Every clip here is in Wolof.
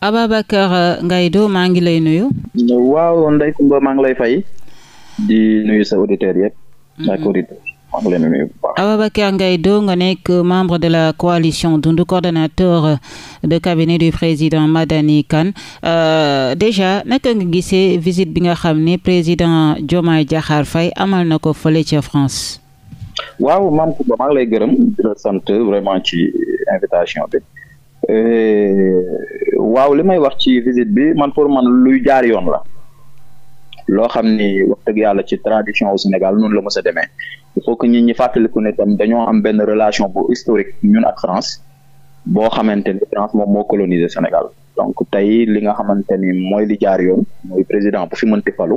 Ababacar euh, Gaye maa ngi lay nuyu. waaw Ndeye Comba maa ngi lay fay. di nuyu sa auditeurs yëpp. Mm-hmm. ak membre de la coalition Dundu coordonnateur président Madani Kane euh, déjà naka nga gisee visite bi nga xam ne président Diomaye Diakhar Faye amal ko fële maa ngi lay gërëm di la Eh, waaw li may wax ci visite bi man pour man luy jaar yoon la loo xam ni wax dëgg yàlla ci tradition au Sénégal noonu la mës a demee il faut que ñun ñi fàttaliku ne tam dañoo am benn relation bu historique ñun ak France boo xamante ni France moom moo colonisé Sénégal donc tey li nga xamante ni mooy li jaar yoon mooy président bu fi mënti falu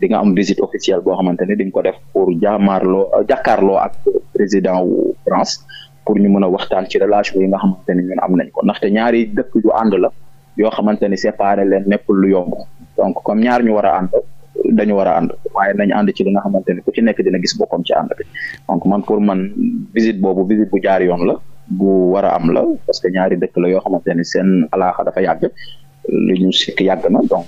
li nga am visite officielle boo xamante ni di ko def pour jaamaarloo jàkkaarloo ak président wu France pour ñu mën a waxtaan ci relation yi nga xamante ne ñun am nañ ko ndaxte ñaari dëkk yu ànd la yoo xamante ni séparé leen nekkul lu yomb donc comme ñaar ñu war a ànd dañu war a ànd waaye nañ ànd ci li nga xamante ni ku ci nekk dina gis boppam ci ànd bi donc man pour man visite boobu visite bu jaar yoon la bu war a am la parce que ñaari dëkk la yoo xamante ni seen alaaxa dafa yàgg li ñu sikk yàgg na donc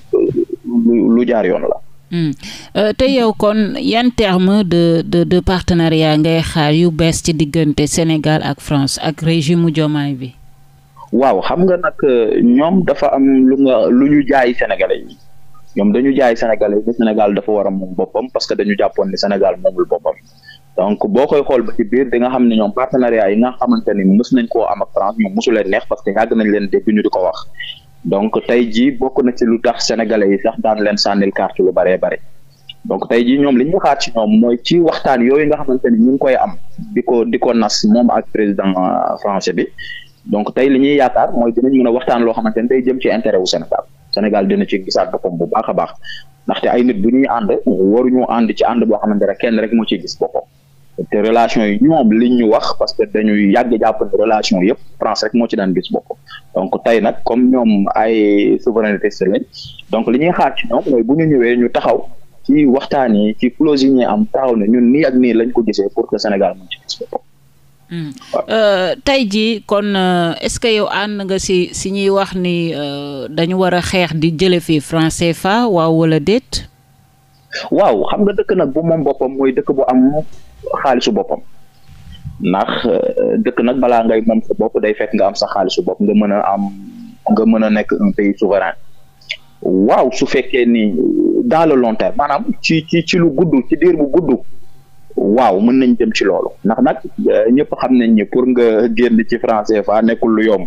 lu jaar yoon la Hmm. Euh, te yow kon yan terme de de de partenariat ngay xaar yu bees ci diggante Sénégal ak France ak régime Diomaye bi. waaw xam nga nag euh, ñoom dafa am lu nga lu ñu jaay sénégalais yi ñoom dañu jaay sénégalais yi Sénégal dafa war a moom boppam parce que dañu jàppoon ni Sénégal moomul boppam donc boo koy xool ba ci biir di nga xam ne ñoom partenariat yi nga xamante ni mës nañ koo am ak France ñoom mosu neex parce que yàgg nañ leen dégg ñu di ko wax donc tey jii bokk na ci lu tax sénégalais yi sax daan leen sànnil carte lu baree bare donc tey jii ñoom li ñu xaar ci ñoom mooy ci waxtaan yooyu nga xamante ni ñu ngi koy am di ko di nas moom ak président euh, français bi donc tey li ñuy yaakaar mooy dinañ mën a waxtaan loo xamante ni tey jëm ci intérêt wu Sénégal Sénégal dina ci gisaat boppam bu baax a baax ndaxte ay nit bu ñuy ànd waruñu ànd ci ànd boo xamante rek kenn rek moo ciy gis boppam. te relation yi ñoom liñ ñu wax parce que dañuy yàgg jàpp ne relation yëpp France rek moo ci daan gis bopp donc tey nag comme ñoom ay souveraineté lañ donc li ñuy xaar ci ñoom mooy bu ñu ñëwee ñu taxaw ci waxtaan yi ci clause yi ñuy am taxaw ne ñun nii ak nii lañ ko gisee pour que Sénégal mën ci gis bopp Mm. Uh, tey jii kon uh, est-ce que yow ànd nga si si ñuy wax ni uh, dañu war a xeex di jële fi franc CFA waaw wala déet waaw xam nga dëkk nag bu moom boppam mooy dëkk bu am xaalisu boppam ndax euh, dëkk nag balaa ngay mom sa bopp day fekk nga am sa xaalisu bopp nga mën a am nga mën a nekk un pays souverain waaw su fekkee ni dans le long terme maanaam ci ci ci lu gudd ci diir bu gudd waaw mën nañ jëm ci loolu ndax nag euh, ñëpp xam nañ ni pour nga génn ci franc CFA nekkul lu yomb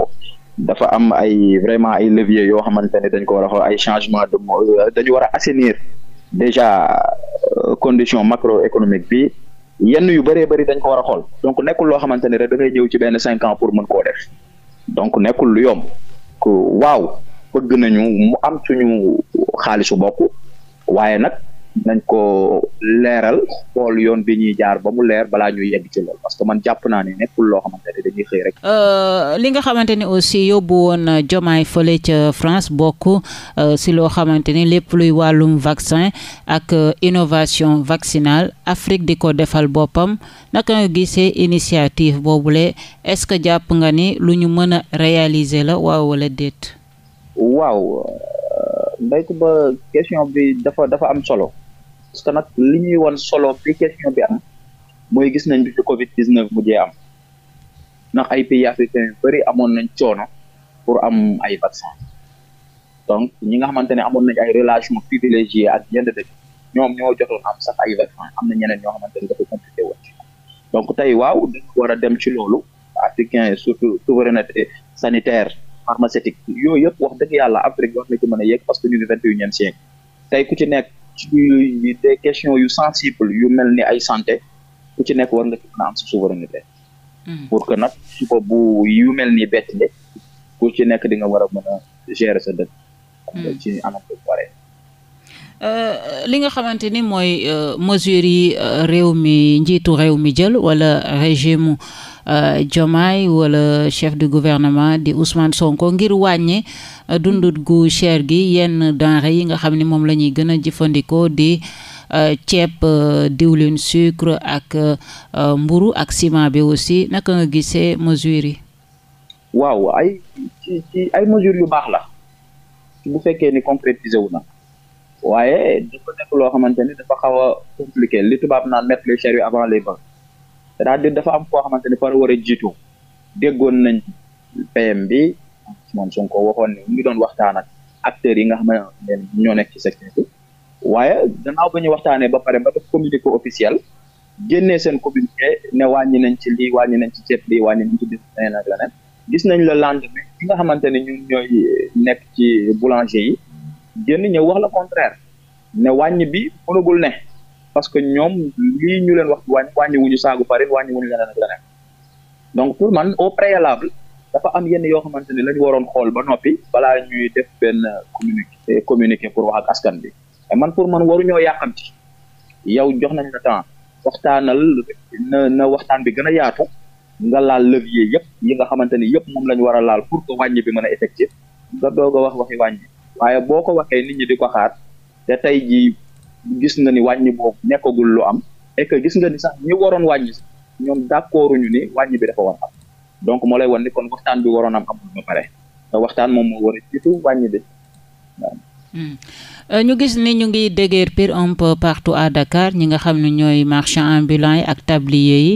dafa am ay vraiment ay levier yoo xamante ne dañ ko war a ay changement de euh, dañu war a assainir déjà condition macroéconomique bi yenn yu bëree bëri dañ ko war a xool donc nekkul loo xamante ni rek da ngay ñëw ci benn cinq pour mën koo def donc nekkul lu yom yomb waaw bëgg nañu mu am suñu xaalisu bokk waaye nag nañ ko leeral xool yoon bi ñuy jaar ba mu leer balaa ñuy yegg ci lool parce que man jàpp naa ne nekkul loo xamante ne dañuy xëy rek. Euh, li nga xamante aussi yóbbu woon euh, Diomaye fële ca France bokk euh, si loo xamante ni lépp luy wàllum vaccin ak innovation vaccinale Afrique di ko defal boppam naka nga gisee initiative boobule est-ce que jàpp nga ni lu ñu mën a réaliser la waaw wala déet. waaw ndeytu ba question bi dafa dafa am solo. parce que nag li ñuy wan solo bi question bi am mooy gis nañ bi fi Covid 19 mujjee am ndax ay pays africains yu bëri amoon nañ coono pour am ay vaccin donc ñi nga xamante ne amoon nañ ay relation privilégiée ak yenn dëkk ñoom ñoo jotoon am sax ay vaccin am na ñeneen ñoo xamante dafa compliqué tey waaw dañu war a dem ci loolu africain surtout souveraineté sanitaire pharmaceutique yooyu yëpp wax dëgg yàlla Afrique war na ci mën a yegg parce que ñu ngi vingt et unième ci nekk ci des questions yu sensibles yu mel ni ay santé ku ci nekk war nga ci mën am sa hmm. pour que nag suba bu yu mel ni bett de ku ci nekk di nga war a mën a gérer sa dëkk. Hmm. Euh, li nga xamante ni mooy euh, mesures yi euh, réew mi njiitu réew mi jël wala régime Euh, Diomaye wala chef du gouvernement di Ousmane Sonko ngir wàññi euh, dundut gu cher gi yenn denrées yi nga xam ni moom la ñuy gën a jëfandikoo di euh, ceeb diwlin sucre ak mburu ak ciment bi aussi naka nga gisee mesures yi. waaw ay ci yu baax la bu fekkee ni concrétisé wu waaye dafa nekk loo xamante ni dafa xaw a li tubaab naan mettre les charrues avant les bœufs cest à dafa am koo xamante ni fara war a jiitu déggoon nañ PM bi moom Sonko waxoon ne mu ngi doon waxtaan ak acteurs yi nga xam ne ñoo nekk ci secteur bi waaye gannaaw ba ñu waxtaanee ba pare ba def communiqué officiel génnee seen communiqué ne wàññi nañ ci lii wàññi nañ ci ceeb lii wàññi nañ ci leneen ak leneen gis nañ la lendemain ki nga xamante ne ñun ñooy nekk ci boulanger yi génn ñëw wax la contraire ne wàññi bi mënagul ne parce que ñoom lii ñu leen wax wàññi wàññiwuñu saagu farine wàññiwuñu leneen ak leneen donc pour man au préalable dafa am yenn yoo xamante ne la ñu waroon xool ba noppi balaa ñuy def benn communiqué pour wax ak askan bi et man pour man waruñoo yàqamti yow jox nañ la temps waxtaanal na na waxtaan bi gën a yaatu nga laal levier yëpp yi nga xamante ni yëpp moom la ñu war a laal pour que wàññi bi mën a effectif nga doog a wax waxi wàññi waaye boo ko waxee nit ñi di ko xaar gis na ni wàññi nekkagul lu am gis nga ni sax ñi waroon wàññi sax ñoom d'accorduñu ni wàññi bi waroon am amul ba euh, ñu gis ni ñu ngi déguerpir un peu partout à Dakar ñi nga xam ne ñooy marchands ambulants ak tablier yi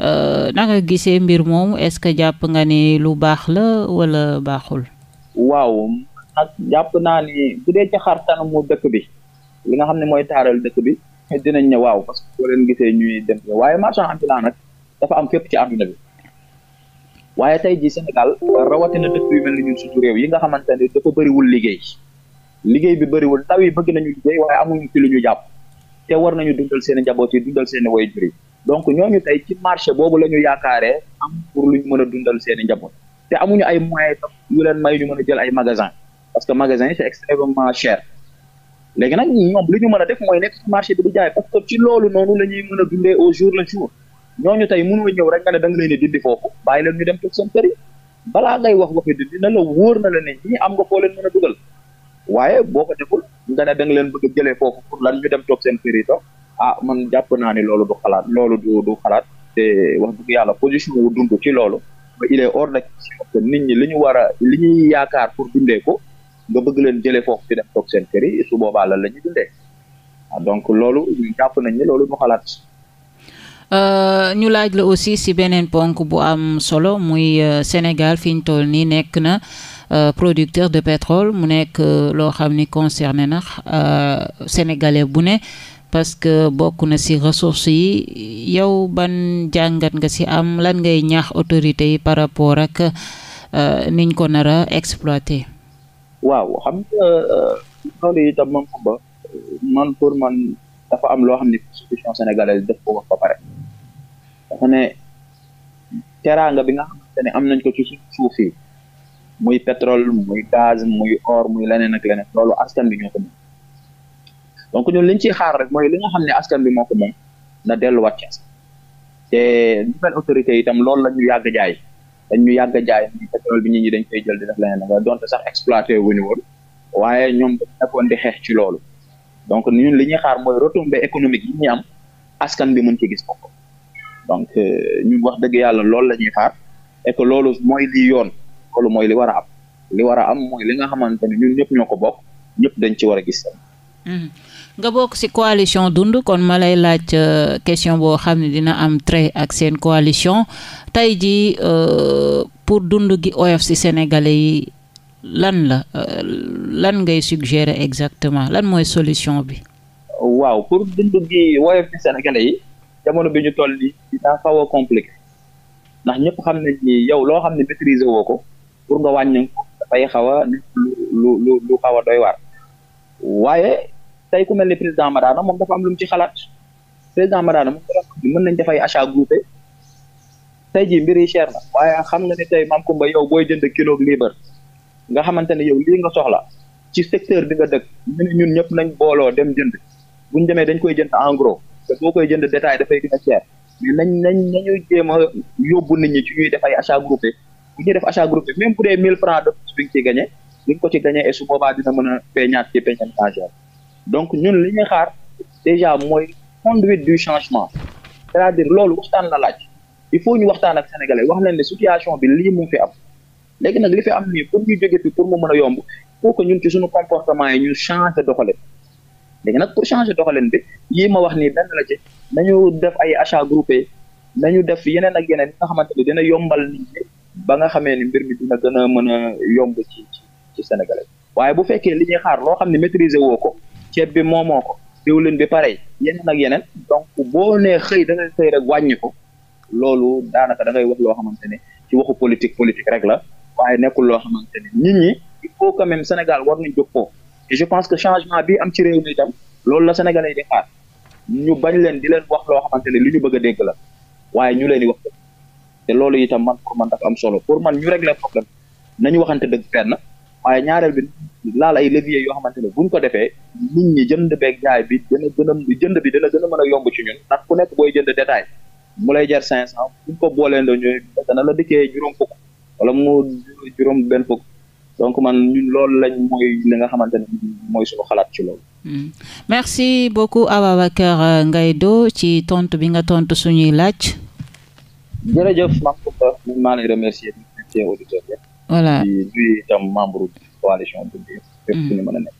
euh, nanga gisee mbir moomu est-ce que jàpp nga ni lu baax la wala baaxul. waaw jàpp naa ni bu dee ci xar kanamu dëkk bi. li nga xam ne mooy taaral dëkk bi dinañ ne waaw parce que boo gisee ñuy dem waaye marchand ambulant nag dafa am fépp ci àdduna bi waaye tey ji Sénégal rawatina dëkk yu mel ni ñun suñu réew yi nga xamante ne dafa bëriwul liggéey liggéey bi bëriwul ndaw yi bëgg nañu liggéey waaye amuñu ci lu ñu jàpp te war nañu dundal seen njaboot yi dundal seen way jur donc ñooñu tey ci marché boobu la ñu yaakaaree am pour lu ñu mën a dundal seen i njaboot te amuñu ay moyens yu leen may ñu mën a jël ay magasin parce que magasin yi léegi nag ñoom li ñu mën a def mooy nekk ci marché bi di jaay parce que ci loolu noonu la ñuy mën a dundee au jour le jour ñooñu tey mënoo ñëw rek nga ne da nga leen a dindi foofu baay leen ñu dem toog seen kër yi balaa ngay wax waxi dindi na la wóor na la ne ñii am nga foo leen boo ko deful nga ne da leen bëgg jëlee foofu lan ñu dem toog seen kër yi toog ah man jàpp naa ne loolu du xalaat loolu du xalaat te wax dëgg yàlla position wu dund ci loolu ba il nit ñi li ñu war a li ñuy yaakaar pour dundee ko nga bëgg leen jëlee foofu ci dem toog seen kër su boobaa lan ñu dundee ah, donc loolu jàpp nañ ne loolu mu xalaat. Euh, ñu laaj la aussi si beneen ponk bu am solo muy euh, Sénégal fiñ ñu toll nii nekk na uh, producteur de pétrole mu nekk euh, loo xam ni concerné na sénégalais bu ne parce que bokk na si ressources yi yow ban jàngat nga si am lan ngay ñaax autorités yi par rapport ak niñ ko nar a exploité. waaw xam nga euh, loolu itam ba man pour man dafa am loo xam ne constitution sénégalaise def ko wax pare dafa ne teraanga bi nga xamante ne am nañ ko ci suñu suuf yi muy pétrole muy gaz muy or muy leneen ak leneen loolu askan bi ñoo ko moom donc ñun liñ ciy xaar rek mooy li nga xam ne askan bi moo ko moom na delluwaat ci te nouvelle autorité itam loolu la ñu yàgg jaay dañ ñu yàgg jaay pétrole bi nit ñi dañ koy jël di def leneen dafa donte sax exploité wu woon waaye ñoom dañ di xeex ci loolu donc ñun li ñuy xaar mooy retombée économique yi ñu am askan bi mën ci gis bopp donc euh, ñun wax dëgg yàlla loolu la ñuy xaar et loolu mooy li yoon loolu mooy li war a am li war a am mooy li nga xamante ne ñun ñëpp ñoo ko bokk ñëpp dañ ci war a gis Mhm. nga bokk ci coalition dund kon ma lay laaj euh, question boo xam ne dina am trait ak seen coalition tey jii euh, pour dund gi oyof ci sénégalais yi lan la euh, lan ngay suggérer exactement lan mooy solution bi. waaw pour dund gi oyof ci sénégalais yi jamono bi ñu toll nii daa xaw a compliqué ndax ñëpp xam nañ ni yow loo xam ne maîtriser woo ko pour nga wàññi dafay xaw a lu lu lu xaw doy waar waaye. tey ku mel ni président Madara moom dafa am lu ci xalaat président Madara moom mën nañ dafay achat groupé tey jii mbir yi cher na waaye xam nga ne tey maam Kumba yow booy jënd kilo liibar nga xamante ne yow lii nga soxla ci secteur bi nga dëkk ñu ñun ñëpp nañ booloo dem jënd bu ñu demee dañ koy jënd en te boo koy jënd détail dafay gën a cher mais nañ nañ nañu jéem a yóbbu ci ñuy def ay achat groupé bu ñuy def achat groupé même bu dee 1000 francs de plus bi nga ciy gagné di nga ko ci gagné mën a peñaat ci peñal agère donc ñun li ñu xaar déjà mooy conduite du changement c'est-à-dire loolu waxtaan la laaj il faut ñu waxtaan ak sénégalais wax leen ne situation bi lii mu fi am léegi nag li fi am nii pour ñu jóge fi pour mën a yomb il faut que ci suñu comportement yi ñu changer doxalin léegi nag pour changer doxalin bi yii ma wax nii benn la ci nañu def ay achats groupés nañu def yeneen ak yeneen yi ni dina yombal nit ba nga xamee ni mbir mi dina gën a mën a yomb ci ci waaye bu fekkee li ñuy xaar loo xam ne maîtriser woo ko. ceeb bi moomoo ko diwlin bi pare yeneen ak yeneen donc boo nee xëy da ngay xëy rek wàññiko loolu daanaka da ngay wax loo xamante ne ci waxu politique politique rek la waaye nekkul loo xamante ñi il faut quand même Sénégal war ko je pense que changement bi am ci réew itam loolu la Sénégalais yi di xaar ñu bañ leen di leen wax loo xamante ne li ñu bëgg a dégg la waaye ñu leen di wax te loolu itam man pour man dafa am solo pour man ñu régler problème nañu waxante dëgg fenn waaye ñaareel bi laal ay levier yoo xamante ne buñ ko defee nit ñi jënd beeg jaay bi dina gën jënd bi dina gën mën a yomb ci ñun ndax ku nekk booy jënd détail mu lay jar cinq cent buñ ko booleen do ñooy dana la dikkee juróom fukk wala mu juróom benn fukk donc man ñun loolu lañ mooy li nga xamante ne mooy suñu xalaat ci loolu hmm. merci beaucoup Ababacar euh, ngay doo ci tontu bi nga tontu suñuy laaj jërëjëf Makhoupa maa lay remercier voilà di nuyu membre coalition bu biir fépp fu mën a nekk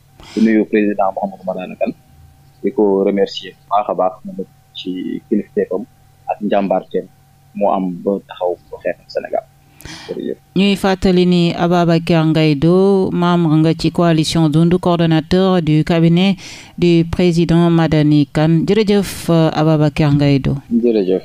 nuyu président Mouhamadou Madana Kane di ko remercier baax a baax moom ci kilifteefam ak njàmbaarteem moo am ba taxaw ba xeexam Sénégal ñuy fàttali ni Ababacar Ngaye Do membre nga ci coalition Dundu coordonnateur du cabinet du président Madani Kane jërëjëf Ababacar Ngaye Do jërëjëf